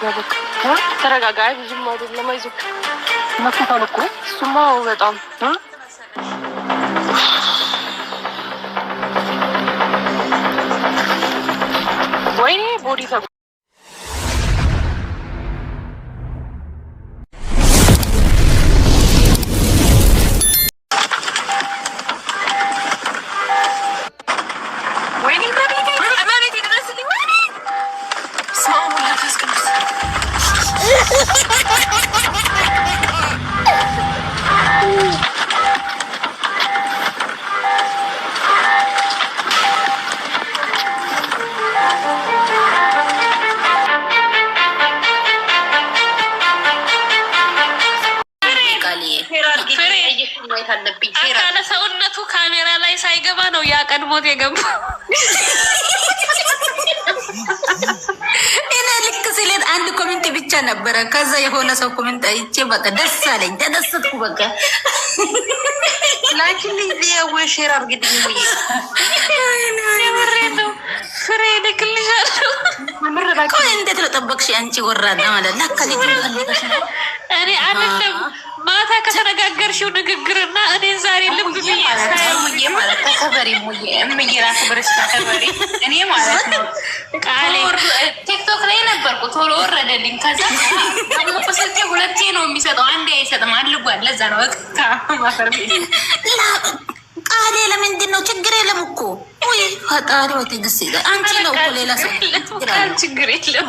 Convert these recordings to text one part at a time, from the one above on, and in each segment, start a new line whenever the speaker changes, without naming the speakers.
ተረጋጋ፣ በቃ ተረጋጋ። አይ ብዙም አይደለም፣ አይዞህ።
መከታል እኮ እሱማ። በጣም
ወይኔ ቦዲ ላይ ሳይገባ ነው ያ ቀድሞት የገባው። እኔ ልክ ሲሌን አንድ ኮሜንት ብቻ ነበረ። ከዛ የሆነ ሰው ኮሜንት አይቼ በቃ ደስ አለኝ፣ ተደሰትኩ። በቃ ላኪን ወይ ሼር አርግድኝ ሙይ ነው ፍሬ ልክልሻለሁ። ቆይ እንዴት ነው ጠበቅሽ አንቺ? ወራዳ ማለት ለካ ልጅ እኔ አይደለም ማታ ከተነጋገርሽው እና እኔን ዛሬ ልብ ብዬ ማለት ተከበሪ እምዬ ራሱ ብርሽ ተከበሪ። እኔ ማለት ነው ቲክቶክ ላይ ነበርኩ ቶሎ ወረደልኝ። ከዛ ሰጀ ሁለቴ ነው የሚሰጠው አንዴ አይሰጥም። አልጓል ለዛ ነው እቅታ ቃሌ ለምንድን ነው ችግር የለም እኮ ወይ ፈጣሪ ወቴ ትግስት አንቺ ነው ሌላ ሰው ችግር የለም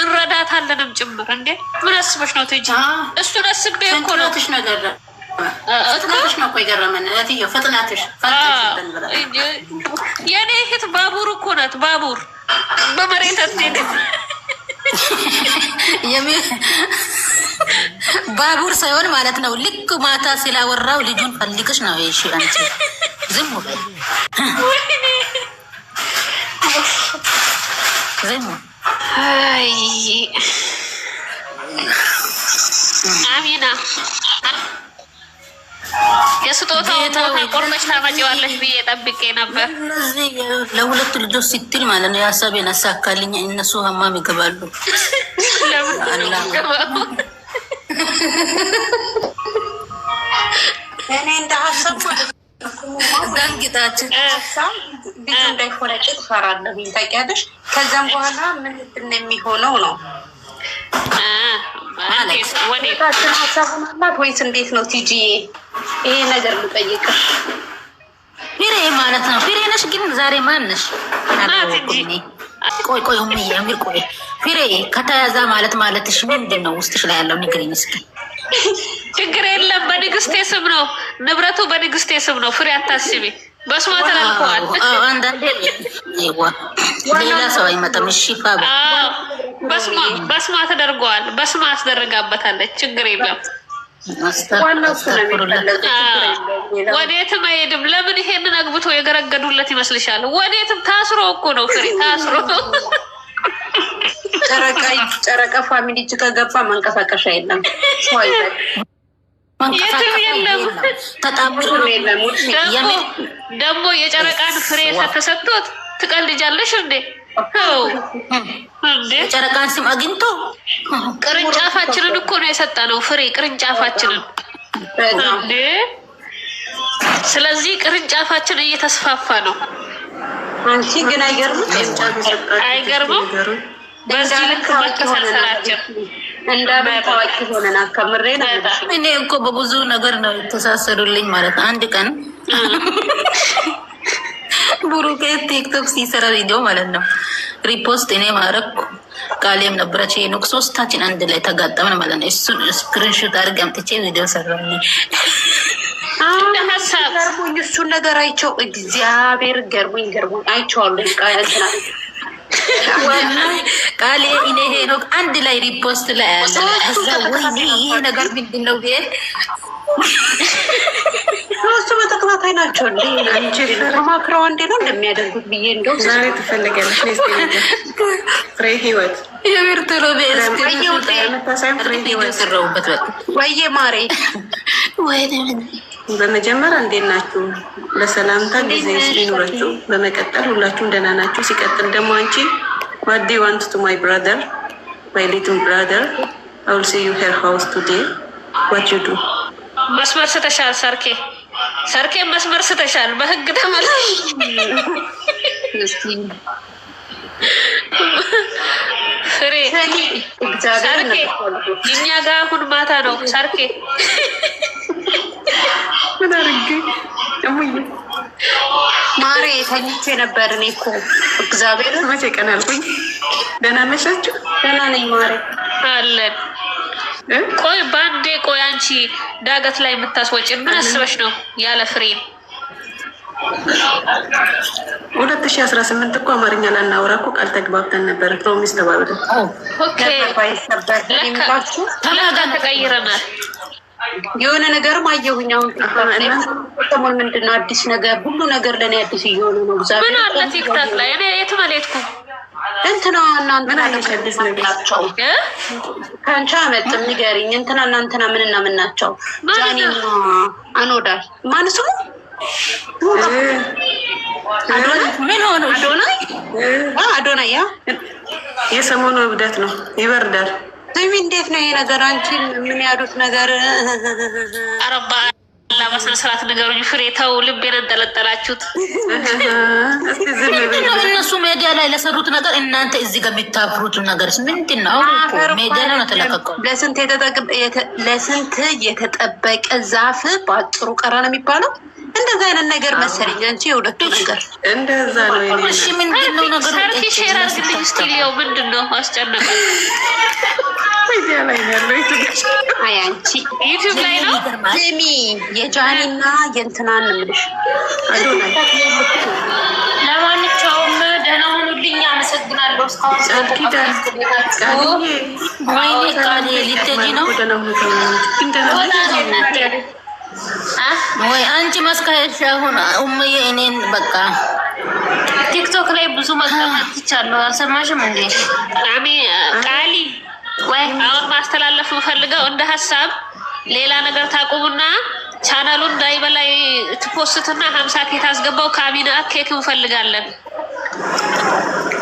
እንረዳታለንም ጭምር እንዴ። ምን አስበሽ ነው ትጂ? እሱ አስቤ እኮ ነው ፍጥነትሽ ነው እኮ የገረመን እህትዬው፣ ፍጥነትሽ የእኔ እህት ባቡር እኮ ናት። ባቡር በመሬት አትሄድ ባቡር ሳይሆን ማለት ነው። ልክ ማታ ስላወራው ልጁን ፈልግሽ ነው ይሽ አንቺ ዝም ዝም አሚና የስጦታውን ቦታ ብዬ ጠብቄ ነበር። ለሁለቱ ልጆች ሲትል ማለት ነው። የሀሳቤን አሳካልኝ። እነሱ ሀማም ይገባሉ። ለምን ጌታችን ትፈራለሁ ታውቂያለሽ። በኋላ ምን የሚሆነው ነው ማለትችን ወይስ እንዴት ነው? ቲጂ ይሄ ነገር ልጠይቅሽ። ማለት ነው። ነሽ ግን ዛሬ ማን ነሽ? ቆይ ቆይ የሚያምር ቆይ ከተያዘ ማለት ማለትሽ ምንድን ነው? ውስጥሽ ላይ ያለው እስኪ። ችግር የለም በንግስቴ ስም ነው ንብረቱ በንግስቴ ስም ነው። ፍሬ አታስቢ። በስማ ተላልፈዋል። ሌላ ሰው አይመጣም። እሺ በስማ ተደርገዋል። በስማ አስደረጋበታለች። ችግር የለም። ወዴትም አይሄድም። ለምን ይሄንን አግብቶ የገረገዱለት ይመስልሻል? ወዴትም ታስሮ እኮ ነው። ፍሬ ታስሮ ጨረቃ ፋሚሊ ከገባ መንቀሳቀሻ የለም። ደግሞ የጨረቃን ፍሬ ተሰጥቶት ትቀልጃለሽ እንዴ? የጨረቃን ስም አግኝቶ ቅርንጫፋችንን እኮ ነው የሰጠ ነው ፍሬ ቅርንጫፋችንን። ስለዚህ ቅርንጫፋችን እየተስፋፋ ነው። አንቺ ግን አይገርምም? አይገርምም? በዚህ ልክ መከፈልሰላቸው እኔ እኮ በብዙ ነገር ነው የተሳሰሩልኝ ማለት ነው። አንድ ቀን ቡሩኬ ቲክቶክ ሲሰራ ቪዲዮ ማለት ነው ሪፖስት እኔ ማረኩ ቃሌም ነበረች ሄኖክ ሶስታችን አንድ ላይ ተጋጠምን ማለት ነው። እሱን ስክሪንሾት አድርጌ አምጥቼ ቪዲዮ ሰራኝ። ገርሞኝ እሱን ነገር አይቼው እግዚአብሔር ገርሞኝ ገርሞኝ አይቼዋለሁ። ቃሌ እኔ ሄኖክ አንድ ላይ ሪፖስት ላይ ያለ እዛ ይህ ነገር ምንድን ነው ሶስቱ በተከታታይ ናቸው እንዴ አንቺ ነው እንደሚያደርጉት ብዬ እንደው ዛሬ ፍሬ ህይወት ማሬ ወይ በመጀመሪያ እንዴት ናችሁ? ለሰላምታ ጊዜ ሲኖራችሁ በመቀጠል ሁላችሁም ደህና ናችሁ? ሲቀጥል ደግሞ አንቺ ዋት ዲ ዋንት ቱ ማይ ብራደር ማይ ሊትል ብራደር አውል ሲ ዩ ሄር ሃውስ ቱዴ ዋት ዩ ዱ። መስመር ስተሻል ሰርኬ ሰርኬ መስመር ስተሻል። በህግ ተመላሽ ፍሬ ሰርኬ እኛ ጋር አሁን ማታ ነው ሰርኬ ምን አድርጌ እሙዬ ማሬ ተኝቼ ነበር። እኔ እኮ እግዚአብሔር መቼ ቀን አልኩኝ። ደህና ነሻችሁ? ደህና ነኝ ማሬ አለን። ቆይ በአንዴ ቆይ፣ አንቺ ዳገት ላይ የምታስወጪን ምን አስበሽ ነው? ያለ ፍሬም ሁለት ሺህ አስራ ስምንት እኮ አማርኛ ላናወራ እኮ ቃል ተግባብተን ነበር። ፕሮሚስ ተባብለን ተቀይረናል። የሆነ ነገርም አየሁኝ። አሁን ምንድን ነው አዲስ ነገር፣ ሁሉ ነገር ለእኔ አዲስ እየሆነ ነው። ምን አለ ቲክታክ ላይ እኔ እንትና እናንትና ናቸው ከአንቺ አመጥም ንገሪኝ። እንትና እናንትና ምንና ምን ናቸው? ጃኒና አኖዳል ማን ስሙ ምን አዶናይ አዶናይ ያ የሰሞኑ እብደት ነው። ይበርዳል ስሚ እንዴት ነው ይሄ ነገር? አንቺ ምን ያሉት ነገር? አረባ በስነ ስርዓት ንገሩኝ። ፍሬ ተው፣ ልቤን እንደለጠላችሁት። ምንድን ነው እነሱ ሜዲያ ላይ ለሰሩት ነገር እናንተ እዚህ ጋር የሚታፍሩት ነገርስ ምንድን ነው? ሜዲያ ላይ ነው ተለቀቀው። ለስንት የተጠበቀ ዛፍ በአጭሩ ቀረ ነው የሚባለው እንደዛ አይነት ነገር መሰለኝ። አንቺ የሁለቱ ነገር እንደዛ ነው። እሺ ምንድን ነው ነገሩ? ሰርቲ ሼር አድርግልኝ እስኪ ሊያው ምንድን ነው አስጨነቀኝ። አንቺ ዩቲዩብ ላይ ነው ሚ የጃኒና የእንትናን ምልሽ ለማንኛውም ደህና ሁኑልኝ። አመሰግናለሁ። እስካሁን ወይኔ ቃል ሊተጂ ነው ወይ አንቺ ማስካሄድ አሁን ኡምዬ እኔን በቃ ቲክቶክ ላይ ብዙ መቀመጥ ትቻለሁ። አልሰማሽም እንዴ አሚ ቃሊ ወይ አሁን ማስተላለፍ ፈልገው እንደ ሀሳብ ሌላ ነገር ታቁሙና ቻናሉን ዳይበላይ ትፖስትና ሀምሳ ኬት አስገባው። ካሚና ኬክ እንፈልጋለን።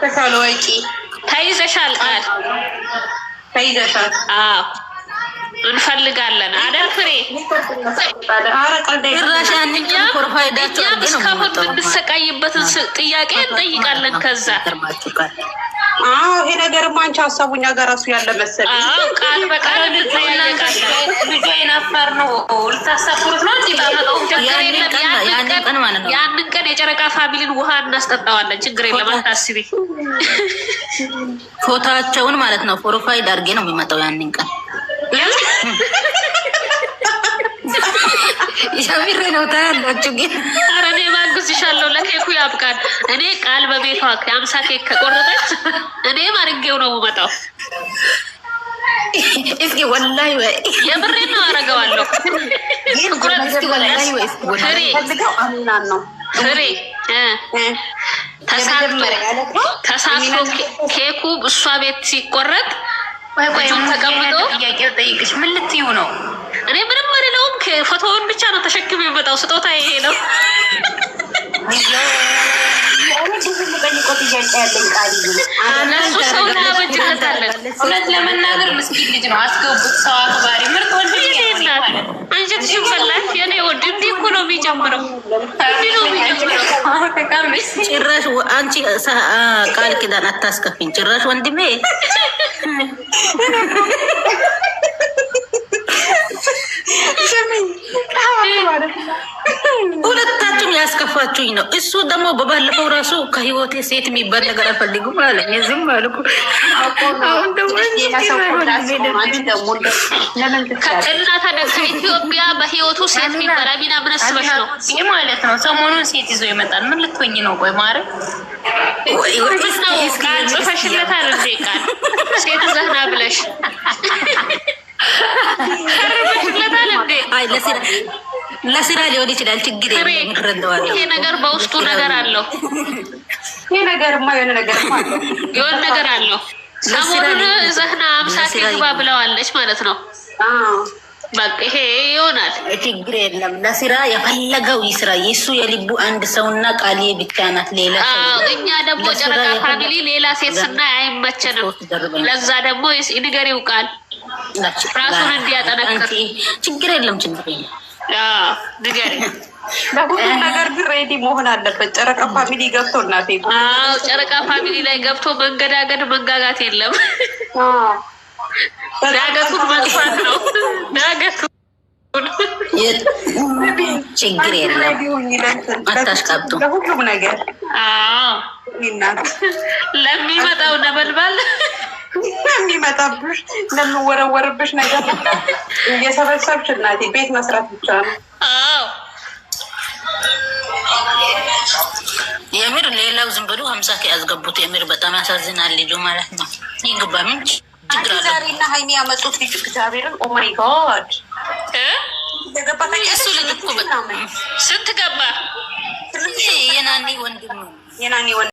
ተሻለ ወቂ ተይዘሻል፣ ቃል ተይዘሻል። እንፈልጋለን። አደር ፍሬ እኛም እስካሁን የምንሰቃይበትን ጥያቄ እንጠይቃለን። ከዛ አዎ ይሄ ነገር አንቺ ሀሳቡ እኛ ጋር እራሱ ያለ መሰለኝ። ቃል በቃል ልጇን ነው ነው ያንን ቀን የጨረቃ ፋሚሊን ውሃ እናስጠጣዋለን። ችግር የለም አታስቢ። ፎታቸውን ማለት ነው ፕሮፋይል አድርጌ ነው የሚመጣው ያንን ቀን የምሬ ነው። ታያላችሁ ግን ኧረ እኔ ማግዝሻለሁ። ለኬኩ ያብቃል። እኔ ቃል በቤቷ የአምሳ ኬክ ከቆረጠች እኔ አድርጌው ነው የምመጣው። እስኪ ወላሂ የምሬ ነው አደርገዋለሁ። ፍሬ ተሳክቶ ኬኩ እሷ ቤት ሲቆረጥ ተቀምጦ ጥያቄ ጠይቅሽ ምን ልትዩ ነው? እኔ ምንም አልለውም። ፎቶውን ብቻ ነው ተሸክም የመጣው። ስጦታ ይሄ ነው። እነሱ ሰው እናበጅለታለን። እውነት ለመናገር ምስኪን ልጅ ነው። አስገቡት። ሰው አክባሪ ምርጥ ወንድ አንጀትሽን ፈላሽ። የኔ ወድ እንዲህ እኮ ነው የሚጨምረው። ጭራሽ አንቺ ቃል ኪዳን አታስከፊኝ ጭራሽ ወንድሜ እያወራችሁኝ ነው። እሱ ደግሞ በባለፈው ራሱ ከህይወቴ ሴት የሚባል ነገር አልፈልግም አለ። ዝም አልኩ። አሁን ደግሞ ከኢትዮጵያ በህይወቱ ሴት የሚባል አቢና ብነስበሽ ነው ይህ ማለት ነው። ሰሞኑን ሴት ይዞ ይመጣል። ምን ልትሆኝ ነው? ቆይ ማረ ጽፈሽለታል አለ ቃል ሴት ዘህና ብለሽ ቀርበሽለታል እንዴ? ለስራ ሊሆን ይችላል። ችግር ይሄ ነገር በውስጡ ነገር አለው። ይሄ ነገርማ የሆነ ነገር የሆነ ነገር አለው። ሰሞኑን ዘህና አምሳ ግባ ብለዋለች ማለት ነው። በቃ ይሄ ይሆናል። ችግር የለም። ለስራ የፈለገው ይስራ። የሱ የልቡ አንድ ሰውና ቃሌ ብቻ ናት። ሌላ እኛ ደግሞ ጨረቃ ፋሚሊ ሌላ ሴት ስና አይመቸንም። ለዛ ደግሞ ንገሪው ቃል ራሱን እንዲያጠነክር ችግር የለም። ችግር የለም ለሁሉም ነገር መሆን አለበት። ጨረቃ ፋሚሊ ገብቶ እናቴ ጨረቃ ፋሚሊ ላይ ገብቶ መንገዳገድ መጋጋት የለም። ዳገቱን መጥፋት ነው። ችግር የለም አታሽቃብጡ። ለሁሉም ነገር ለሚመጣው ነበልባል የሚመጣብሽ ለምወረወርብሽ ነገር እየሰበሰብሽ እናቴ ቤት መስራት ብቻ ነው። የምር ሌላው ዝም ብሎ ሀምሳ ከያስገቡት የምር በጣም ያሳዝናል። ልጁ ማለት ነው ይግባ ምን ዛሬና ሀይሚ ያመጡት ልጅ እግዚአብሔርን ኦማይ ጋድ እሱ ልጅ እኮ ስትገባ የናኒ ወንድም የናኒ